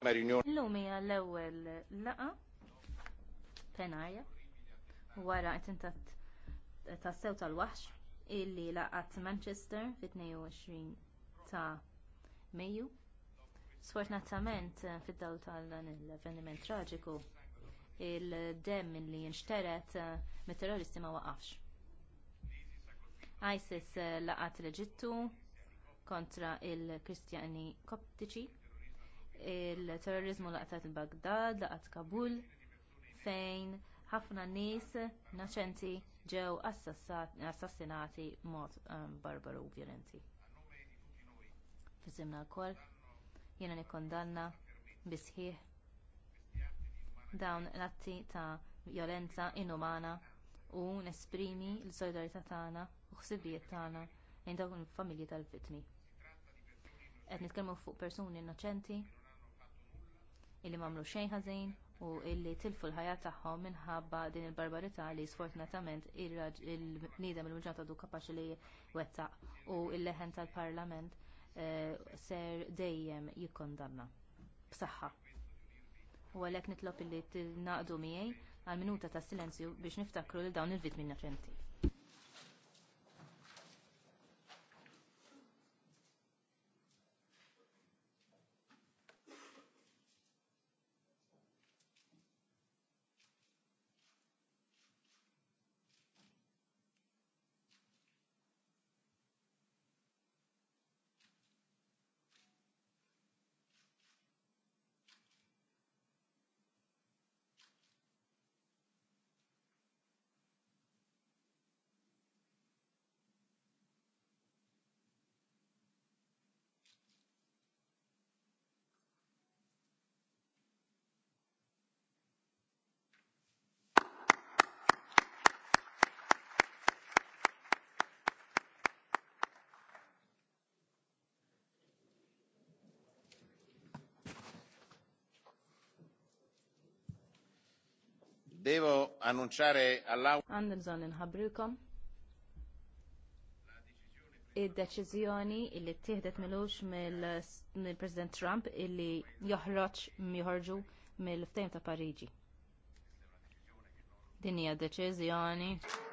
Mela, L-lum hija l-ewwel laqa penaja, wara attentat tas-sew tal-waħx illi laqat Manchester fit-22 ta' Mejju. Sfortunatament fid-dawl tal dan il avveniment traġiku il-dem li jinxteret eh, mit-terroristi ma waqafx. ISIS eh, laqat l-Eġittu kontra il kristjani Koptiċi il-terrorizmu laqtat il-Baghdad, laqat Kabul, fejn ħafna nies naċenti ġew assassinati b'mod ehm, barbaru u vjolenti. Fizimna wkoll jiena nikkondanna bi sħiħ dawn l-atti ta' vjolenza inumana u nesprimi l-solidarità tagħna u ħsibijiet tagħna lejn dawn il-familji tal-vittmi. Qed nitkellmu fuq persuni innoċenti illi mamlu xejn ħażin u illi tilfu l-ħajja tagħhom minħabba din il-barbarità li sfortunatament il-bniedem il-mġata du kapaċi li jwettaq u l leħen tal-parlament eh, ser dejjem jikkondanna b'saħħa. U għalhekk nitlob illi tinaqdu miegħi għal minuta ta' silenzju biex niftakru lil dawn il-vittmi innoċenti. Devo annunciare all'Aula. Id-deċiżjoni li ttieħdet milux mill-President Trump illi joħroġ miħorġu mill-ftejm ta' Pariġi. Din hija deċiżjoni.